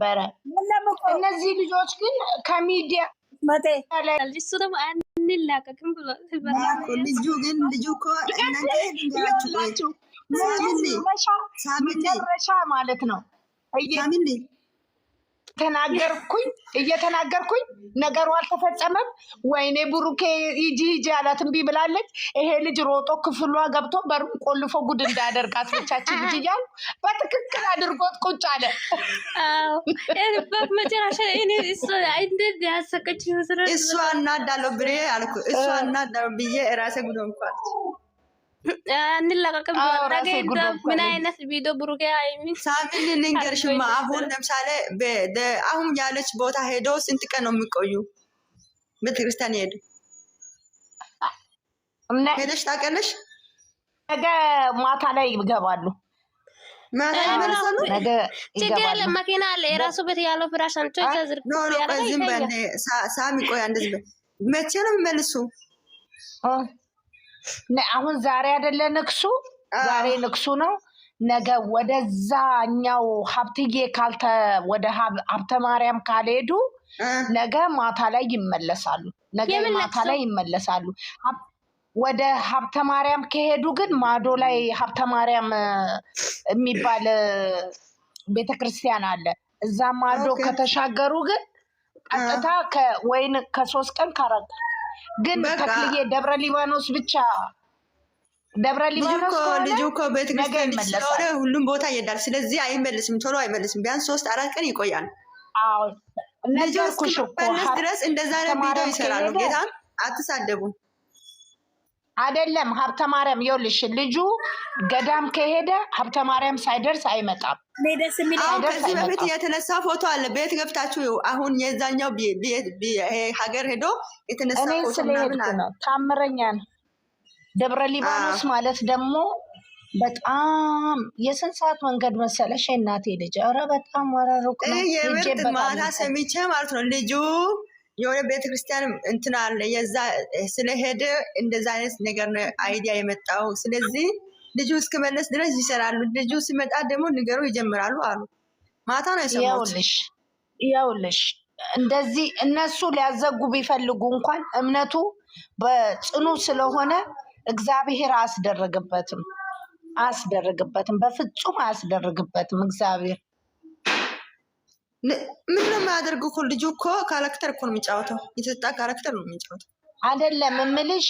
ነበረ። እነዚህ ልጆች ግን ከሚዲያ እሱ ደግሞ አንላቀቅም ብሏል። ልጁ ግን ልጁ እኮ መጨረሻ ማለት ነው። ተናገርኩኝ እየተናገርኩኝ ነገሩ አልተፈጸመም። ወይኔ ብሩኬ ሂጂ ሂጂ አላት፣ እምቢ ብላለች። ይሄ ልጅ ሮጦ ክፍሏ ገብቶ በሩን ቆልፎ ጉድ እንዳያደርግ አስቻችን ልጅ እያሉ በትክክል አድርጎት ቁጭ አለ። መጨረሻ እንዴት ያሰቀች እሷ እናዳለው ብዬ አልኩ። እሷ እናዳለው ብዬ ራሴ ጉዶ እንኳን እንለቀቅም ምን አይነት ቪዲዮ ብሩኬ ልንገርሽማ። አሁን ለምሳሌ አሁን ያለች ቦታ ሄዶ ስንት ቀን ነው የሚቆዩ? ቤተክርስቲያን ሄዱ ሄደሽ ታውቂያለሽ? ነገ ማታ ላይ ይገባሉ። ችግር የለም መኪና አለ። የራሱ ቤት ያለው ፍራሽ ሳሚ ቆይ፣ መቼ ነው የሚመልሱ? አሁን ዛሬ አይደለ ንግሱ፣ ዛሬ ንግሱ ነው። ነገ ወደዛኛው ሀብትዬ ካልተ ወደ ሀብተ ማርያም ካልሄዱ ነገ ማታ ላይ ይመለሳሉ። ነገ ማታ ላይ ይመለሳሉ። ወደ ሀብተ ማርያም ከሄዱ ግን ማዶ ላይ ሀብተ ማርያም የሚባል ቤተክርስቲያን አለ። እዛ ማዶ ከተሻገሩ ግን ቀጥታ ወይን ከሶስት ቀን ካረጋ ግን ተክልዬ ደብረ ሊባኖስ ብቻ ደብረ ሊባኖስ ልጁ እኮ ቤተክርስቲያን ስለሆነ ሁሉም ቦታ ይሄዳል። ስለዚህ አይመልስም፣ ቶሎ አይመልስም። ቢያንስ ሶስት አራት ቀን ይቆያል። ልጁ እስኪመለስ ድረስ እንደዛ ቪዲዮ ይሰራሉ። ጌታም አትሳደቡ። አይደለም ሀብተ ማርያም ይኸውልሽ፣ ልጁ ገዳም ከሄደ ሀብተ ማርያም ሳይደርስ አይመጣም። ከዚህ በፊት የተነሳ ፎቶ አለ። ቤት ገብታችሁ አሁን የዛኛው ሀገር ሄዶ የተነሳ ፎቶ ነው። ታምረኛ ነው። ደብረ ሊባኖስ ማለት ደግሞ በጣም የስንት ሰዓት መንገድ መሰለሽ? እናቴ ልጅ ኧረ በጣም ወረሩቅ ነው። የምርጥ ማታ ሰሚቼ ማለት ነው ልጁ የሆነ ቤተክርስቲያን እንትን አለ የዛ ስለሄደ እንደዛ አይነት ነገር ነው አይዲያ የመጣው። ስለዚህ ልጁ እስክመለስ ድረስ ይሰራሉ። ልጁ ሲመጣ ደግሞ ንገሩ ይጀምራሉ አሉ። ማታ ነው የሰማሁት። ይኸውልሽ እንደዚህ እነሱ ሊያዘጉ ቢፈልጉ እንኳን እምነቱ በጽኑ ስለሆነ እግዚአብሔር አያስደርግበትም አያስደርግበትም፣ በፍጹም አያስደርግበትም እግዚአብሔር ምንድነው የማያደርገው እኮ ልጁ እኮ ካራክተር እኮ ነው የሚጫወተው። የተሰጣ ካራክተር ነው የሚጫወተው። አይደለም እምልሽ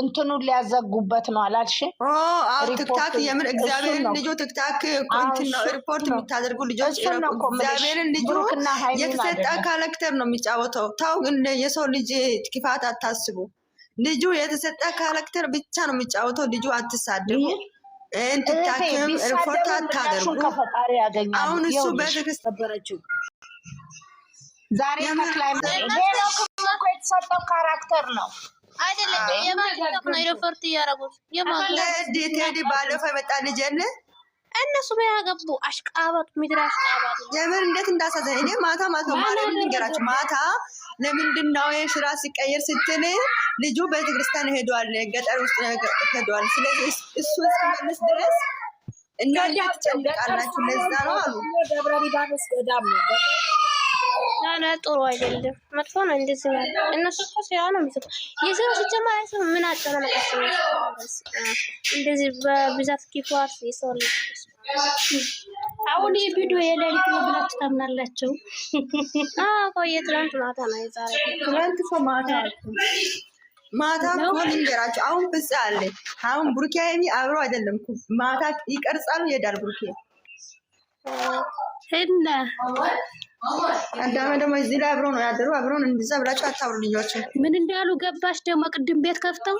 እንትኑን ሊያዘጉበት ነው አላልሽ? ትክታክ የምን እግዚአብሔርን ልጆ ትክታክ እንትን ነው ሪፖርት የምታደርጉ ልጆች እግዚአብሔርን ልጁ የተሰጣ ካራክተር ነው የሚጫወተው። ታው የሰው ልጅ ክፋት አታስቡ። ልጁ የተሰጠ ካራክተር ብቻ ነው የሚጫወተው። ልጁ አትሳደቡ። እንድታክም ሪፖርት አታደርጉ። አሁን እሱ በትዕግስት ነበረችው። ዛሬ ተክላይ የተሰጠው ካራክተር ነው አይደለም። የማን ነው ሪፖርት እያረጉት ቴዲ ባለፈው የመጣ ልጅ የለ እነሱ ምን ያገቡ አሽቃባጡ ምድር አሽቃባጡ የምር እንዴት እንዳሳዘን እኔ ማታ ማታ ማለት ንገራቸው ማታ ለምንድን ነው የሽራ ሲቀየር ስትል ልጁ ቤተክርስቲያን ሄዷል፣ ገጠር ውስጥ ሄዷል። ስለዚህ እሱ እስኪመለስ ድረስ እና ትጨንቃላችሁ። ለዛ ነው አሉ ደብረ ሊባኖስ ገዳም ነው ኧረ ጥሩ አይደለም፣ መጥፎ ነው። እንደዚህ ነው። እነሱ እኮ ስራ ነው የሚሰጡት። የሰው ሲጀመር ሰው ምን አጨናነቃቸው? እንደዚህ በብዛት ኪፋር የሰው ልጅ አሁን የቪዲዮ ቪዲዮ የሌሊት ነው ብላችሁ ታምናላችሁ? ቆየ ትላንት ማታ ነው የዛሬ ትላንት ሰው ማታ ማታ እኮ ልንገራቸው። አሁን ፍጽ አለ አሁን ቡርኪያ የሚ አብሮ አይደለም ማታ ይቀርጻሉ ይሄዳል ቡርኪያ እና አዳመ ደግሞ እዚህ ላይ አብረው ነው ያደሩ። አብረውን እንደዛ ብላችሁ አታብሩ። ልጆች ምን እንዳሉ ገባሽ? ደግሞ ቅድም ቤት ከፍተው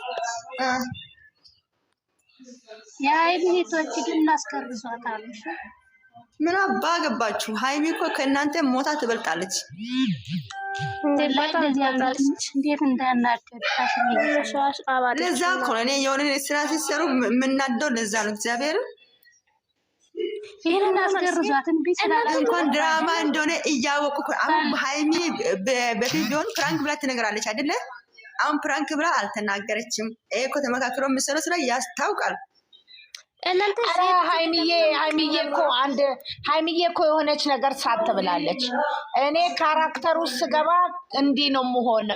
የሀይሚ ሄቶች ግን እናስቀርዟታል። ምን አባ ገባችሁ? ሀይሚ እኮ ከእናንተ ሞታ ትበልጣለች። እንዴት ለዛ እኮ ነው እኔ የሆነ ስራ ሲሰሩ የምናደው ለዛ ነው እግዚአብሔርን ይህንን አስገርዟት እንኳን ድራማ እንደሆነ እያወቁ አሁን ሀይሚ በፊት ቢሆን ፕራንክ ብላ ትነግራለች አይደለ? አሁን ፕራንክ ብላ አልተናገረችም። ይሄ እኮ ተመካክሮ የምሰለው ስራ ያስታውቃል። እናንተ ሀይሚዬ ሀይሚዬ እኮ አንድ ሀይሚዬ እኮ የሆነች ነገር ሳት ብላለች። እኔ ካራክተሩ ስገባ እንዲህ ነው መሆን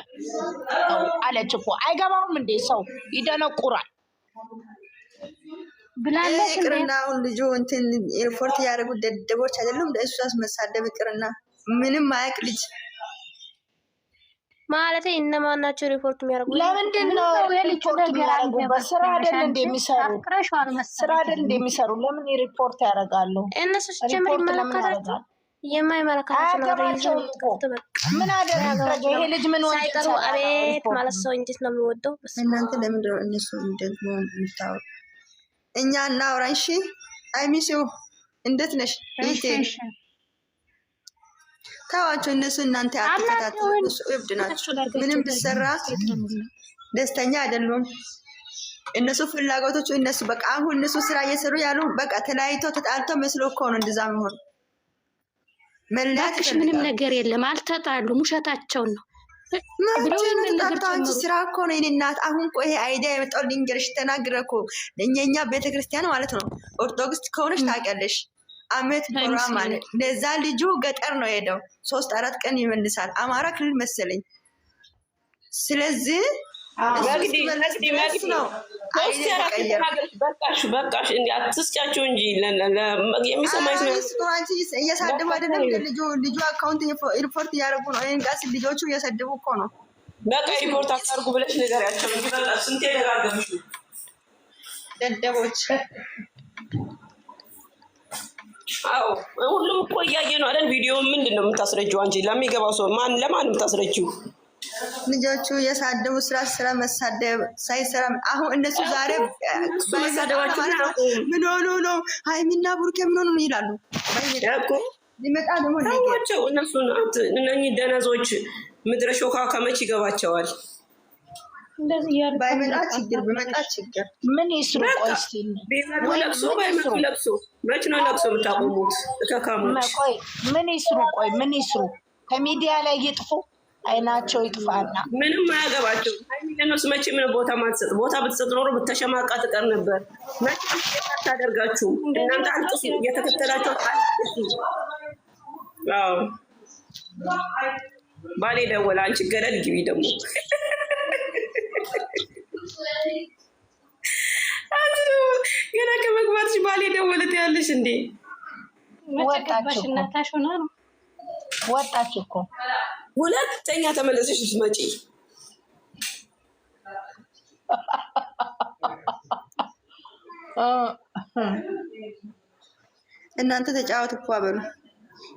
አለች እኮ አይገባውም እንዴ? ሰው ይደነቁራል። ይቅርና አሁን ልጁ እንትን ኤርፖርት እያደረጉ ደደቦች አይደሉም። ለእሷስ መሳደብ ይቅርና ምንም አያውቅ ልጅ ማለት እነማን ናቸው ሪፖርት የሚያደርጉ? ለምንድን ነው ሪፖርት የሚያደርጉበት? ስራ አይደል እንደሚሰሩ ስራ አይደል እንደሚሰሩ ለምን ሪፖርት ያደርጋሉ? እነሱ ሲጀምር ይመለከታቸው የማይመለከታቸው ምን አደረገ ይሄ ልጅ? ምን ወንጀል ሳይቀሩ አቤት ማለት ሰው እንዴት ነው የሚወደው? እናንተ ለምንድን ነው እነሱ ነው የምታወቅ እኛ እናውራ። እሺ አይሚሲ እንዴት ነሽ? እህቴ ተዋቸው። እነሱ እናንተ አትከታተሉ። እብድ ናቸው። ምንም ብሰራ ደስተኛ አይደሉም። እነሱ ፍላጎቶቹ እነሱ በቃ አሁን እነሱ ስራ እየሰሩ ያሉ በቃ ተለያይቶ ተጣልቶ መስሎ እኮ ነው እንደዛ መሆን። መላክሽ ምንም ነገር የለም። አልተጣሉም። ውሸታቸውን ነው አንቺ ስራ እኮ ነው የእኔ እናት። አሁን እኮ ይሄ አይዲያ የመጣው ልንገርሽ፣ ተናግረ እኮ ለእኛኛ ቤተክርስቲያን ማለት ነው ኦርቶዶክስ ከሆነች ታውቂያለሽ። አመት ኖራ ማለት ለዛ ልጁ ገጠር ነው የሄደው ሶስት አራት ቀን ይመልሳል። አማራ ክልል መሰለኝ። ስለዚህ በቃሽ በቃሽ፣ እንዲህ አትስጫቸው እንጂ የሚሰማኝ እየሳደቡ አይደለም። ልጁ አካውንት ሪፖርት እያደረጉ ነው። ይህን ቀስ ልጆቹ እየሰደቡ እኮ ነው። በቃ ሪፖርት አታርጉ ብለሽ ንገሪያቸው እንጂ በቃ ስንቴ ደጋገምሽ። ደደቦች! አዎ ሁሉም እኮ እያየ ነው አይደል? ቪዲዮ ምንድን ነው የምታስረጂው አንቺ? ለሚገባው ሰው ለማን የምታስረጂው? ልጆቹ የሳደቡ ስራ ስራ መሳደብ ሳይሰራ አሁን እነሱ ዛሬ ምን ሆኖ ነው ሀይሚና ቡርኬ ምን ሆኖ ነው ይላሉ። ሊመጣ ደግሞ እነሱ እነህ ደነዞች ምድረ ሾካ ከመች ይገባቸዋል። ባይመጣ ችግር ብመጣ ችግር ምን ይስሩ? ለቅሶ ባይመጡ ለቅሶ መች ነው ለቅሶ የምታቆሙት? ከካሞች ምን ይስሩ? ቆይ ምን ይስሩ? ከሚዲያ ላይ ይጥፉ። አይናቸው ይጥፋና ምንም አያገባቸው። ሃይሚለኖስ መቼም ነው ቦታ ማትሰጥ። ቦታ ብትሰጥ ኖሮ ብተሸማቃ ትቀር ነበር። መቼም ታደርጋችሁ እናንተ አልጥፉ፣ እየተከተላቸው ው ባሌ ደወለ። አንቺ ገለል ግቢ ደግሞ ገና ከመግባትሽ ባሌ ደወለት ያለሽ እንዴ? ወጣችሁ ወጣችሁ እኮ ሁለተኛ ተመለሰሽ ስትመጪ እናንተ ተጫወት እኮ አበሉ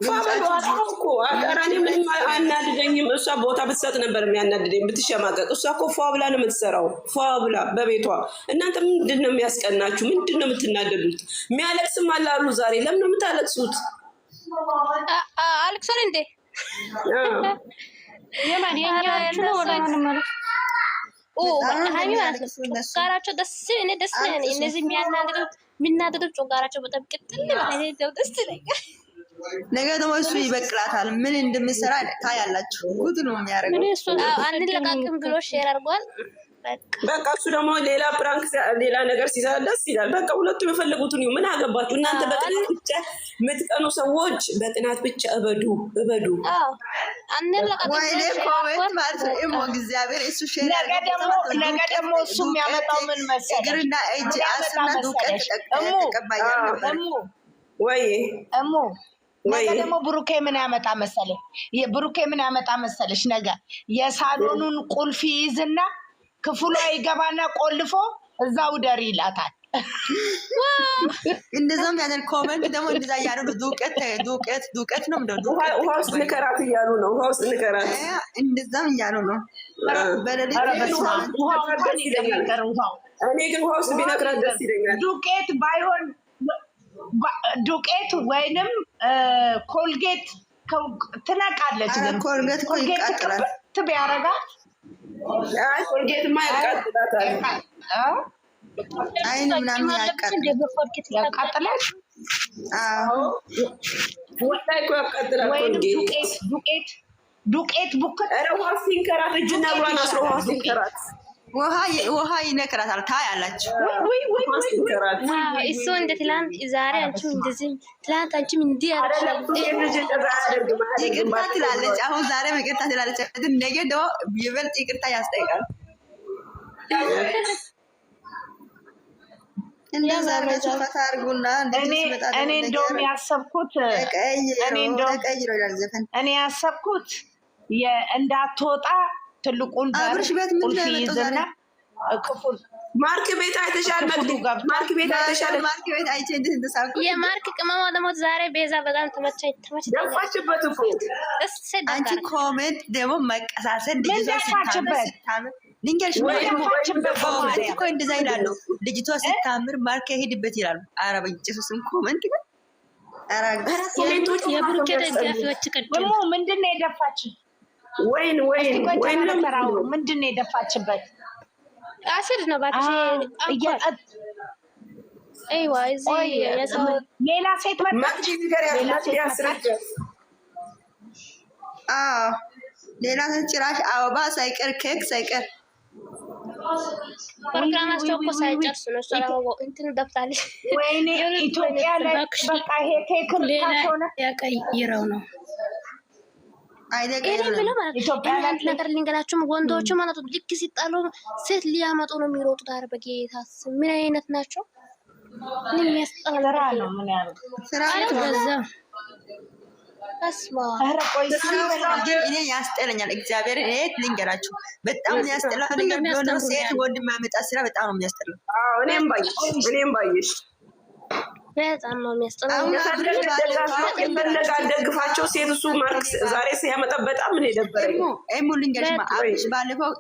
ፏበሏጣኮ አቀራኔ ምንም አናድደኝም። እሷ ቦታ ብትሰጥ ነበር የሚያናድደኝ ብትሸማቀቅ። እሷ እኮ ፏ ብላ ነው የምትሰራው፣ ፏ ብላ በቤቷ። እናንተ ምንድን ነው የሚያስቀናችሁ? ምንድን ነው የምትናደዱት? የሚያለቅስም አላሉ ዛሬ። ለምን ነው የምታለቅሱት? አልቅሶን እንዴ ጮጋራቸው ደስ እኔ ደስ ነኝ። እነዚህ የሚያናግረው የሚናደደው ጮጋራቸው በጣም ቅጥል ማለት ደስ ይለኛል። ነገ ደግሞ እሱ ይበቅላታል። ምን እንደምሰራ ታያላችሁ። ጉድ ነው የሚያደርገው። አንድ ብሎ ሼር አድርጓል። በቃ እሱ ደግሞ ሌላ ፕራንክ ሌላ ነገር ሲሰራ ደስ ይላል። በቃ ሁለቱም የፈለጉትን ምን አገባችሁ እናንተ። በጥናት ብቻ የምትቀኑ ሰዎች በጥናት ብቻ እበዱ እበዱ። ነገ ደግሞ እሱ የሚያመጣው ምን መሰለሽ እግርና እጅ አስና ዱቀት ወይ እሙ ነገ ደግሞ ብሩኬ ምን ያመጣ መሰለሽ? ብሩኬ ምን ያመጣ መሰለሽ? ነገ የሳሎኑን ቁልፍ ይይዝና ክፍሏ ይገባና ቆልፎ እዛው ደሪ ይላታል። እንደዛም ያንን ኮመንት ደግሞ እንደዛ እያሉ ዱቀት ዱቀት ዱቀት ነው ምደ ውሃ ውስጥ ንከራት እያሉ ነው። ውሃ ውስጥ ንከራት እንደዛም እያሉ ነው። እኔ ግን ውሃ ውስጥ ቢነክራት ደስ ይለኛል። ዱቄት ባይሆን ዱቄት ወይንም ኮልጌት ትነቃለች። ኮልጌት ኮልጌት ቢያረጋት ኮልጌትማ አይን ምናምን ያቃጥላል። ወላሂ ዱቄት ቡክት ኧረ ሲንከራት እጅና እግሯን አስሮ ሲንከራት ውሃ ይነክራታል። ታ አላችሁ እሱ እንደ ትላንት ዛሬ አንቺም እንደዚህ ትላንት አንቺም እንዲ ይቅርታ ትላለች። አሁን ዛሬ ይቅርታ ትላለች። ግን ነገ ደግሞ ይበልጥ ይቅርታ ያስጠይቃል። እኔ እንደውም ያሰብኩት እኔ ያሰብኩት እንዳትወጣ ትልቁን አብርሽ ቤት ምን ይዘና ክፉን ማርክ ቤት አይተሻል። መግዱ ማርክ ቤት አይተሻል። ማርክ ቤት አይቼ እንዴት እንደሳኩ የማርክ ቅመማ ደግሞ ዛሬ ቤዛ በጣም ተመቸኝ ተመቸኝ። ደፋችበት እኮ አንቺ ኮሜንት ደግሞ መቀሳሰል ልንገርሽ እኮ እንደዛ ይላሉ። ልጅቷ ስታምር ማርክ ሄድበት ይላሉ። ኧረ በኢየሱስም ኮመንት ግን ኧረ ኮሜንቶች የብሩኬ ደጋፊዎች ቅድም ደግሞ ምንድን ነው የደፋችን ወይን ወይን ወይን ነበራው ምንድን ነው የደፋችበት? አሲድ ነው ባትሽ እያጠጥ እዚህ ሌላ ሴት መጣች። ሌላ ሴት ጭራሽ አበባ ሳይቀር ኬክ ሳይቀር ፕሮግራማቸው እኮ ሳይጨርሱ ነው። እሷ እንትን ደፍታለች። ወይኔ ኢትዮጵያ ላይ በቃ ይሄ ኬክ ሌላ ያቀይረው ነው አይደለም ነገር ልንገራችሁም፣ ወንዶቹ ማለት ነው ልክ ሲጣሉ ሴት ሊያመጡ ነው የሚሮጡት። ኧረ በጌታ ምን አይነት ናቸው? የሚያስጠላ ነው። ያስጠለኛል። እግዚአብሔር እኔ ልንገራችሁ በጣም ያስጠላ ሴት ወንድ የሚያመጣ ስራ በጣም ነው የሚያስጠላ። እኔም ባየሽ እኔም ባየሽ በጣም ነው የሚያስጠላው። እንደነጋ ደግፋቸው ሴት እሱ ማርክ ዛሬ ሲያመጣ በጣም ምን የነበረ ሞ ልንገርሽ፣ አብሽ ባለፈው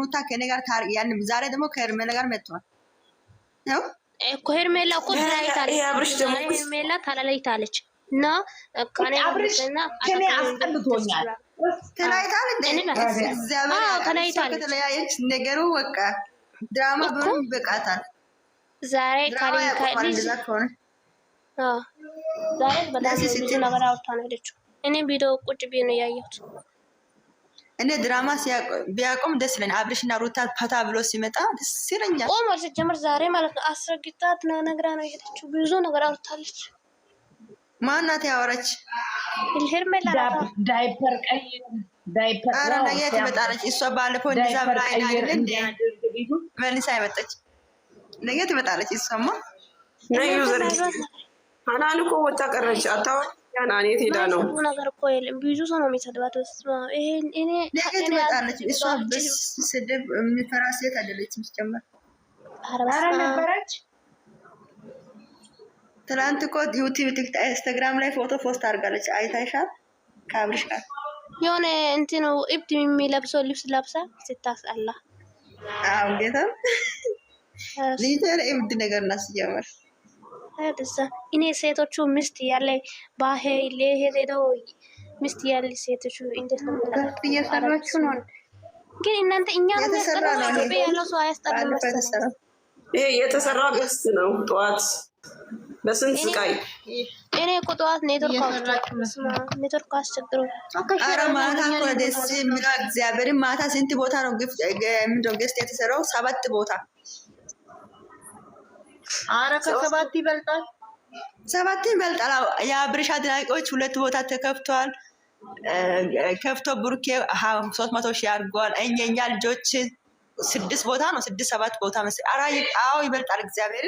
ሩታ ከኔ ጋር ያንም ዛሬ ደግሞ ከሄርሜላ ጋር መጥተዋል ነው እኮ ሄርሜላ እኮ ሄርሜላ ታላለይታለች እና ቃኔና ከኔ አስጠልቶኛል። ተለያይታል ተለያይታል። ከተለያየች ነገሩ በቃ ድራማ ብሎ ይበቃታል ዛሬ ዛሬ በጣም ብዙ ነገር አውርታን አይደችው። እኔ ቪዲዮ ቁጭ ብዬ ነው ያየሁት። እኔ ድራማ ቢያቆም ደስ ይለኛል። አብርሽ እና ሩታ ፈታ ብሎ ሲመጣ ደስ ይለኛል። ቆሞ ሲጀምር ዛሬ ማለት ነው አስረግጣት ነግራ ነው የሄደችው። ብዙ ነገር አውርታለች። ማናት ያወራች? ዳይፐር ቀይ ዳይፐር ነገ ትመጣለች። እሷ ባለፈው እንደዛ ብላ አይናግል መልሳ አይመጣች። ነገ ትመጣለች እሷማ ሀናን እኮ ወጣ ቀረች። አታወቅ ሄዳ ነው ነገር እኮ የለም። ብዙ ሰው ነው የሚሰድባት። ነገ ትመጣለች። እሷ ስድብ የሚፈራ ሴት አይደለችም። ሲጀመር ኧረ ነበረች። ትናንት እኮ ዩቲብ ኢንስታግራም ላይ ፎቶ ፖስት አድርጋለች። አይታይሻል? ከአብርሽ ጋር የሆነ እንትን እብድ የሚለብሰው ልብስ ለብሳ ስታስጠላ። አዎ ጌታ ልጅ እብድ ነገር ናት እኔ ሴቶቹ ሚስት ያለ ባህል ሄደው ሚስት ያለ ሴቶቹ እየሰራችሁ ነው? ግን እናንተ እኛ የተሰራ ሚስት ነው። ጠዋት በስንት ስቃይ እኔ እኮ ጠዋት ኔትወርክ አስቸግሮ ኧረ ማታ እኮ ደስ የሚለው እግዚአብሔርን ማታ ስንት ቦታ ነው ምንድን የተሰራው? ሰባት ቦታ አረ ከሰባት ይበልጣል፣ ሰባት ይበልጣል። የአብርሽ አድናቂዎች ሁለት ቦታ ተከፍተዋል። ከፍቶ ብሩኬ ሶስት መቶ ሺህ አድርገዋል። እኛ ልጆች ስድስት ቦታ ነው ስድስት ሰባት ቦታ መስ አዎ ይበልጣል እግዚአብሔር